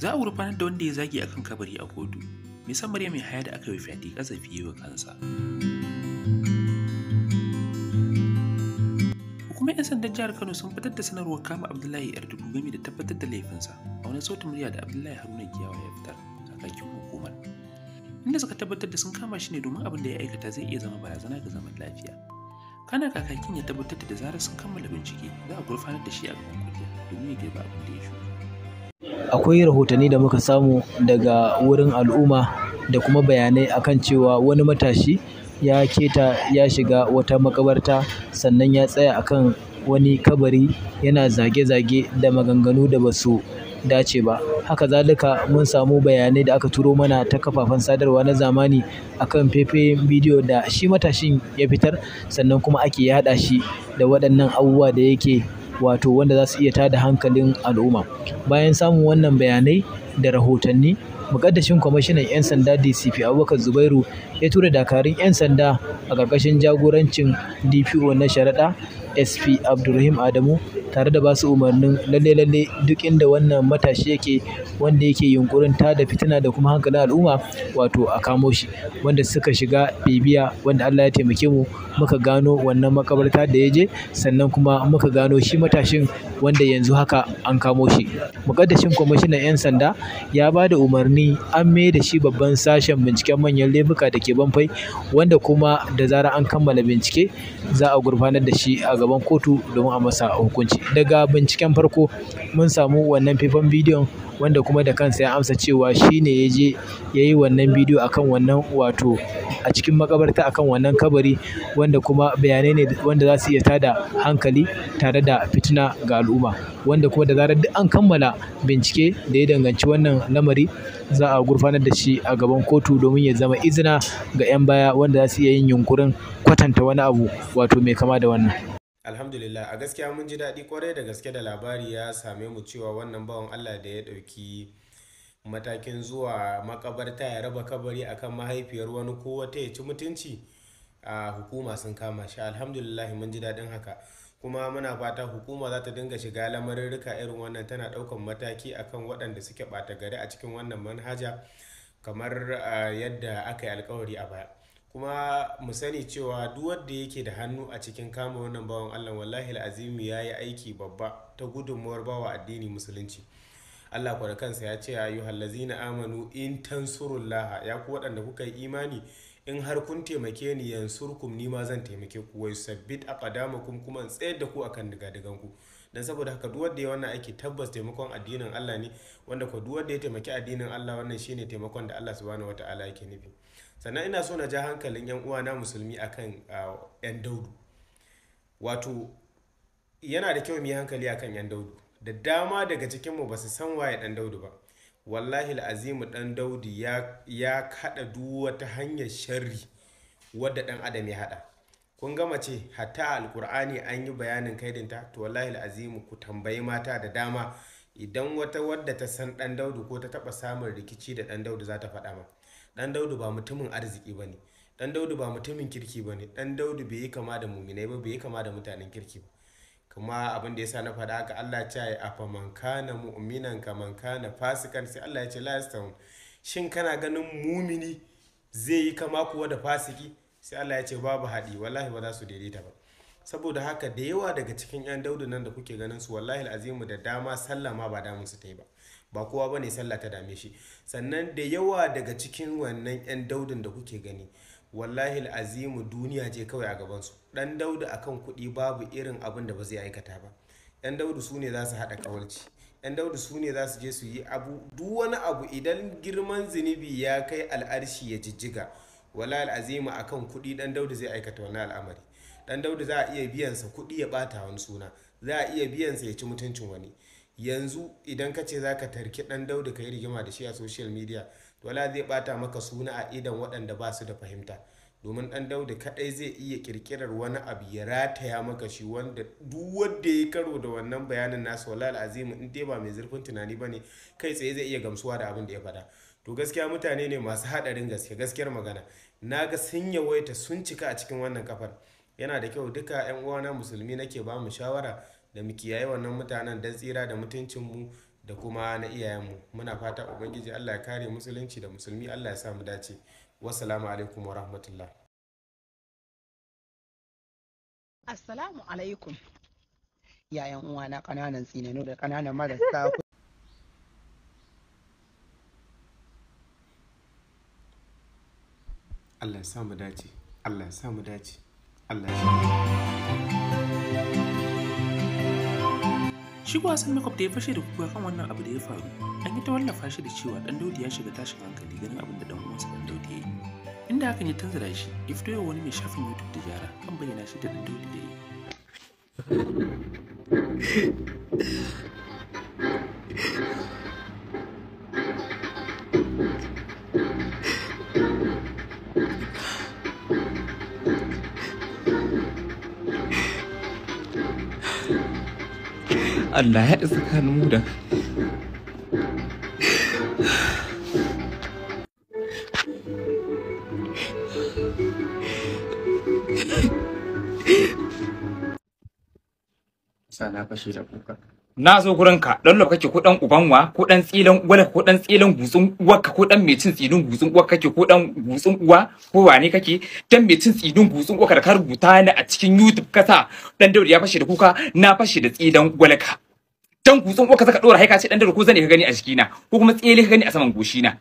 za a gurfanar da wanda ya zagi kan kabari a kotu mai maryam mai haya da aka yi fyaɗe kasafi fiye wa kansa hukumar 'yan sandan jihar kano sun fitar da sanarwar kama abdullahi yar dubu game da tabbatar da laifinsa a wani sautin murya da abdullahi haruna giyawa ya fitar kakakin hukumar inda suka tabbatar da sun kama shi ne domin abin da ya aikata zai iya zama barazana ga zaman lafiya kana kakakin ya tabbatar da zarar sun kammala bincike za a gurfanar da shi a gaban kuliya domin ya girba abin da ya shuka akwai rahotanni da muka samu daga wurin al'umma da kuma bayanai akan cewa wani matashi ya keta ya shiga wata makabarta sannan ya tsaya akan wani kabari yana zage-zage da maganganu da basu dace ba haka zalika mun samu bayanai da aka turo mana ta kafafen sadarwa na zamani akan faifayen bidiyo da shi matashin ya fitar sannan kuma ake yada shi da waɗannan abubuwa da yake wato wanda za su iya tada hankalin al'umma. Bayan samun wannan bayanai da rahotanni, muƙaddashin kwamishinan 'yan sanda DCP Abubakar Zubairu ya tura dakarun 'yan sanda a ƙarƙashin jagorancin DPO na sharaɗa SP Abdulrahim Adamu tare da basu umarnin lalle lalle duk inda wannan matashi yake wanda yake yunkurin ta da fitina da kuma hankalin al'umma wato a kamo shi wanda suka shiga bibiya wanda Allah ya taimake mu muka gano wannan makabarta da ya je sannan kuma muka gano shi matashin wanda yanzu haka an kamo shi mukaddashin kwamishinan 'yan sanda ya ba da umarni an mai da shi babban sashen binciken manyan laifuka da ke banfai wanda kuma da zara an kammala bincike za a gurfanar da shi a gaban kotu domin a masa hukunci daga binciken farko mun samu wannan faifan bidiyon wanda kuma da kansa ya amsa cewa shi ne ya je ya yi wannan bidiyo akan wannan wato a cikin makabarta akan wannan kabari wanda kuma bayanai ne wanda za su iya tada hankali tare da fitina ga al'umma wanda kuma da zarar duk an kammala bincike da ya danganci wannan lamari za a gurfanar da shi a gaban kotu domin ya zama izina ga 'yan baya wanda za su iya yin yunkurin kwatanta wani abu wato mai kama da wannan alhamdulillah a gaskiya mun ji daɗi kwarai da gaske da labari ya same mu cewa wannan bawan allah da ya ɗauki matakin zuwa makabarta ya raba kabari akan mahaifiyar wani ko wata ya ci mutunci a hukuma sun kama shi alhamdulillah mun ji daɗin haka kuma muna fata hukuma za ta dinga shiga lamarirrika irin wannan tana ɗaukan mataki akan waɗanda suke ɓata gari a cikin wannan manhaja kamar yadda aka yi alkawari a baya kuma mu sani cewa duk wanda yake da hannu a cikin kama wannan bawan allah wallahi azimi ya yi aiki babba ta gudunmuwar bawa addini musulunci allah kwa da kansa ya ce ayu halazina amanu in tansurullaha ya ku waɗanda kuka yi imani in har kun taimake ni yansurkum ni ma zan taimake ku wai sabbit aqdamakum kuma tsayar da ku akan digadigan ku dan saboda haka duk wanda ya wannan aiki tabbas taimakon addinin Allah ne wanda ko duk wanda ya taimaki addinin Allah wannan shine taimakon da Allah subhanahu wataala yake nufi sannan ina so na ja hankalin yan uwana musulmi akan yan daudu wato yana da kyau mu yi hankali akan yan daudu da dama daga cikinmu ba su san waye dan daudu ba wallahi la'azimu dan daudu ya kaɗa duwa wata hanyar sharri wadda dan adam ya hada kun gama ce hatta alkur'ani an yi bayanin kaidinta to wallahi la'azimu ku tambayi mata da dama idan wata wadda ta san dan daudu ko ta taba samun rikici da dan daudu za ta faɗa ma dan daudu ba mutumin arziki ba ne dan daudu ba mutumin kirki ba ne dan daudu bai yi kama da muminai ba bai yi kama da mutanen kirki ba kuma abin da ya sa na faɗa haka Allah ya ce fa man kana mu'minan ka man kana fasikan sai Allah ya ce la yastawun shin kana ganin mumini zai yi kama kuwa da fasiki sai Allah ya ce babu haɗi wallahi ba za su daidaita ba saboda haka da yawa daga cikin 'yan daudu nan da kuke ganin su wallahi azimu da dama sallah ma ba damun su ta yi ba ba kowa ba ne sallah ta dame shi sannan da yawa daga cikin wannan 'yan daudun da kuke gani wallahi azimu duniya je kawai a gaban su dan daudu akan kuɗi babu irin abin da ba zai aikata ba 'yan daudu su ne za su haɗa kawalci 'yan daudu su ne za su je su yi abu duk wani abu idan girman zunubi ya kai al'arshi ya jijjiga wallahi azimu akan kuɗi dan daudu zai aikata wani al'amari dan daudu za a iya sa kuɗi ya ɓata wani suna za a iya biyansa ya ci mutuncin wani yanzu idan ka ce za ka tarki dan daudu ka yi rigima da shi a social media to wala zai ɓata maka suna a idan waɗanda ba su da fahimta domin dan daudu kaɗai zai iya ƙirƙirar wani abu ya rataya maka shi wanda duk wanda ya karo da wannan bayanin nasu wala al'azimu in dai ba mai zurfin tunani ba ne kai tsaye zai iya gamsuwa da abin da ya faɗa to gaskiya mutane ne masu haɗarin gaske gaskiyar magana na ga sun yawaita sun cika a cikin wannan kafar yana da kyau duka 'yan uwana musulmi nake ba mu shawara da mu kiyaye wannan mutanen don tsira da mutuncinmu da kuma na iyayenmu muna fata ubangiji allah ya kare musulunci da musulmi allah ya sa mu dace wasalamu alaikum wa rahmatullah assalamu alaikum yayan uwana kananan tsinanu da kananan marasa Allah ya sa mu dace Allah ya sa mu dace Allah shi shi wasan makwabta ya fashe da kuka kan wannan abu da ya faru an yi ta wallafa shi da cewa dan daudi ya shiga tashin hankali ganin abin da dan uwansa dan daudi ya yi inda hakan ya tanzara shi ya fito yau wani mai shafin youtube da jara an bayyana shi da dan daudi da ya yi Allah ya isa mu da na da kuka. Na zo gurin ka lokaci kake ko dan ubanwa ko dan tsilan wala ko dan tsilan gutsun uwarka ko dan mecin tsilin gutsun uwa kake ko dan gutsun uwa ko wane kake dan mecin tsilin gutsun uwa da ka rubuta ni a cikin YouTube kasa dan Dauda ya fashe da kuka na fashe da tsilan wala ka. dan gutsun uwarka zaka dora haika ce dan dare ko zane ka gani a jikina ko kuma tsele ka gani a saman goshina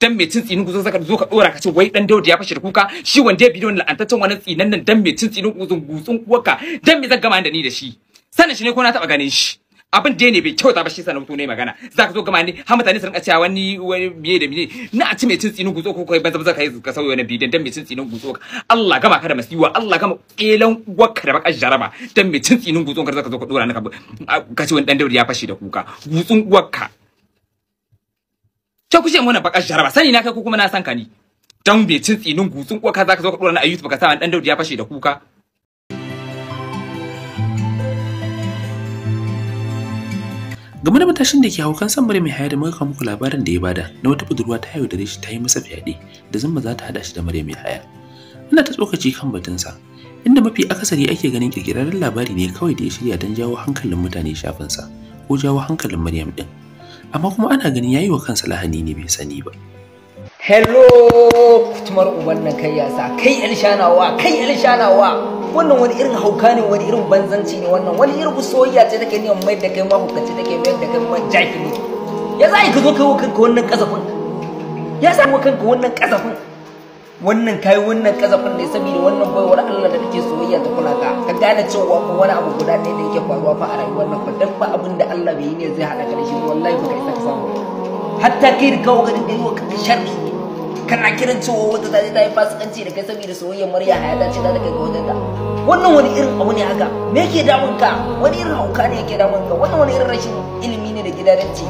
dan mai cin tsinin kutsun zaka zo ka dora ka ce wai dan Dauda ya fashi da kuka shi wanda ya bi don la'antaccen wannan tsinan nan dan mai cin tsinin kutsun uwarka dan me zan gama da ni da shi sanin shi ne ko na taba ganin shi abin da ne bai kyauta ba shi sa na ne magana za ka zo gama ne har mutane su rinka cewa wani wani biye da biye na a ci mai cin tsinin gutso ko kai banza banza kai ka sauya wani bidan dan mai cin tsinin gutso Allah gama ka da masiwa Allah gama kelan wakka da baka jaraba dan mai cin tsinin gutso kar za ka zo ka dora naka ka ci ah, wani dan dauri ya fashi da kuka gutsun wakka ta kushe mana baka jaraba sani na kai ko kuma na san ka ni dan mai cin tsinin gutsun kuka za ka zo ka dora na a YouTube ka sa wani dan dauri ya fashi da kuka game da matashin da ke kan samar mai haya da muka kawo muku labarin da ya bada na wata budurwa ta yau da shi ta yi masa fyaɗe da zama za ta haɗa shi da mare mai haya ana ta tsokaci kan batunsa inda mafi akasari ake ganin kirkirarren labari ne kawai da ya shirya don jawo hankalin mutane shafinsa ko jawo hankalin maryam ɗin amma kuma ana ganin ya yi wa kansa lahani ne bai sani ba hello tumar uban nan kai yasa kai elshanawa kai elshanawa wannan wani irin hauka ne wani irin banzanci ne wannan wani irin soyayya ce take niyan mai da kai da take mai da kai man jahili ya za ka zo kai wa kanka wannan kasafin ya sa wa kanka wannan kasafin wannan kai wannan kasafin ne saboda wannan baiwar Allah da take soyayya ta kula ka ka gane cewa ko wani abu guda ɗaya da yake faruwa fa a rayuwar nan fa dan abin da Allah bai yi ne zai hada ka da shi wallahi ba kai ta samu hatta kai da kawo ganin dai wa kanka sharri kana kiran cewa wata ta je ta yi fasikanci da kai saboda soyayyar murya a ta ce za ta kai ga wadanda wannan wani irin abu ne haka me yake damun ka wani irin hauka ne yake damun ka wannan wani irin rashin ilimi ne da gidaranci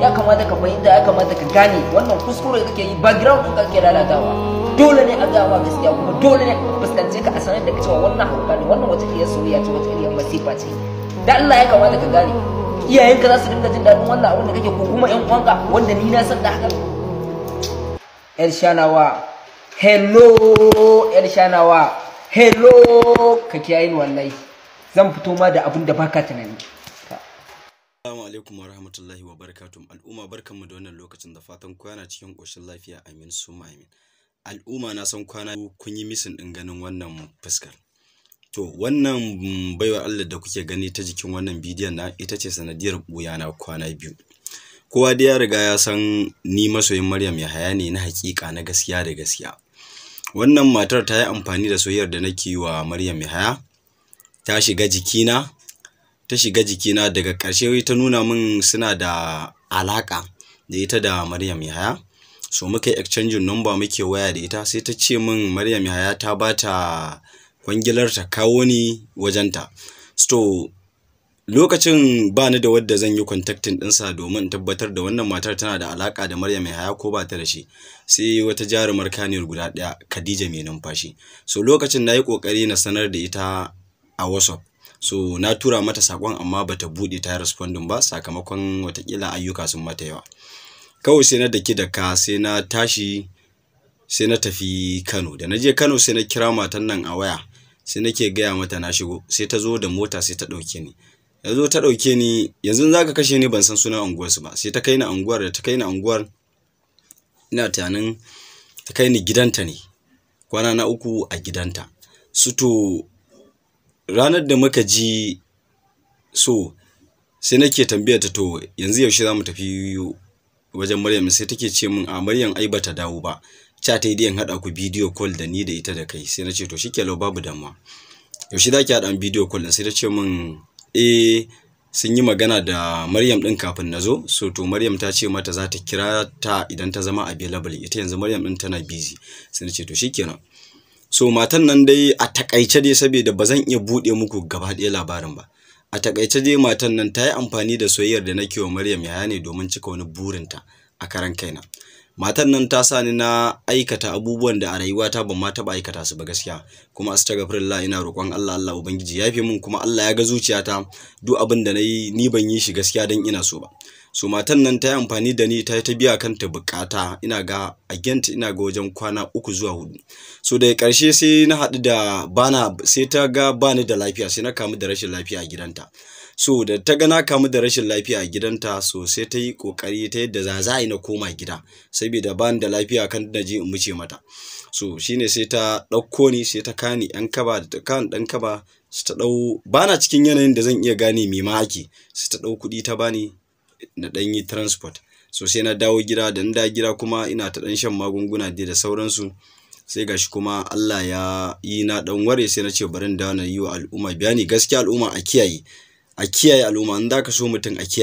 ya kamata ka fahimta ya kamata ka gane wannan kuskure da kake yi background ɗin kake lalatawa dole ne a gawa gaskiya kuma dole ne fuskance ka a sanar da cewa wannan hauka ne wannan wata iya soyayya ce wata iya masifa ce da Allah ya kamata ka gane iyayenka za su dinga jin daɗin wannan abin da kake ko kuma ƴan uwanka wanda ni na san da haka El shanawa hello El shanawa hello ka kiyaye wallahi zan fito ma da abin da baka tunani Assalamu alaikum wa rahmatullahi wa barakatuh al'umma barkanmu da wannan lokacin da fatan kwana cikin koshin lafiya amin su amin al'umma na san kwana kun yi misin ɗin ganin wannan fuskar to wannan baiwa Allah da kuke gani ta jikin wannan bidiyon na ita ce sanadiyar ɓuya na kwana biyu kowa dai ya riga ya san ni masoyin Maryam Yahaya ne na hakika na gaskiya da gaskiya. Wannan matar ta yi amfani da soyayyar da nake wa Maryam Yahaya, ta shiga jikina, ta shiga jikina daga ƙarshe ta nuna min suna da alaƙa da ita da Maryam Yahaya. So muka yi exchanging number muke waya da ita sai ta ce min Maryam Yahaya ta bata kwangilar ta kawo ni wajenta. So lokacin ba ni da wadda zan yi kwantaktin ɗinsa domin tabbatar da wannan matar tana da alaƙa da Maryam mai haya ko ba ta da shi sai wata jarumar kaniyar guda ɗaya Khadija mai numfashi so lokacin na yi ƙoƙari na sanar da ita a WhatsApp so na tura mata saƙon amma ba ta buɗe ta respondin ba sakamakon watakila ayyuka sun mata yawa kawai sai na daki da ka sai na tashi sai na tafi Kano da na je Kano sai na kira matan nan a waya sai nake gaya mata na shigo sai ta zo da mota sai ta ɗauke ni ya ta ɗauke ni yanzu za ka kashe ni ban san sunan unguwarsu ba sai ta kai ni unguwar da ta kai ni unguwar ina tunanin ta kai ni gidanta ne kwana na uku a gidanta su to ranar da muka ji so sai nake tambayar ta to yanzu yaushe za mu tafi wajen Maryam sai take ce min a Maryam ai bata dawo ba cha ta idiyan hada ku bidiyo call da ni da ita da kai sai na ce to shikenan babu damuwa yaushe za ki hada bidiyo call sai ta ce min eh sun yi magana da Maryam ɗin kafin na zo so to Maryam ta ce mata za ta kira ta idan ta zama available ita yanzu Maryam ɗin tana busy sun ce to shikenan so matan nan dai a takaice dai saboda ba zan iya buɗe muku gaba ɗaya labarin ba a takaice dai matan nan ta yi amfani da soyayyar da nake wa Maryam yaya ne domin cika wani burinta a karan kaina matan nan ta sa ni na aikata abubuwan da a rayuwata ban ma taɓa aikata su ba gaskiya kuma astaghfirullah ina roƙon Allah Allah ubangiji ya fi mun kuma Allah ya ga zuciyata duk abin da nayi ni ban yi shi gaskiya dan ina so ba so matan nan ta yi amfani da ni ta yi ta biya kanta bukata ina ga agent ina ga wajen kwana uku zuwa hudu so daga ƙarshe sai na haɗu da bana sai ta ga bani da lafiya sai na kamu da rashin lafiya a gidanta so da ta gana kamu da rashin lafiya a gidanta so sai ta yi kokari ta yadda za za na koma gida saboda ban da lafiya kan da ji in muce mata so shine sai ta ɗauko ni sai ta kani yan kaba da kan dan kaba su ta ɗau bana cikin yanayin da zan iya gane me ma ake su ta ɗau kuɗi ta bani na ɗan yi transport so sai na dawo gida da na gida kuma ina ta dan shan magunguna dai da sauransu sai gashi kuma Allah ya yi na ɗan ware sai na ce bari da na yi wa al'umma bayani gaskiya al'umma a kiyaye a kiyaye al'umma in za ka so mutum a kiyaye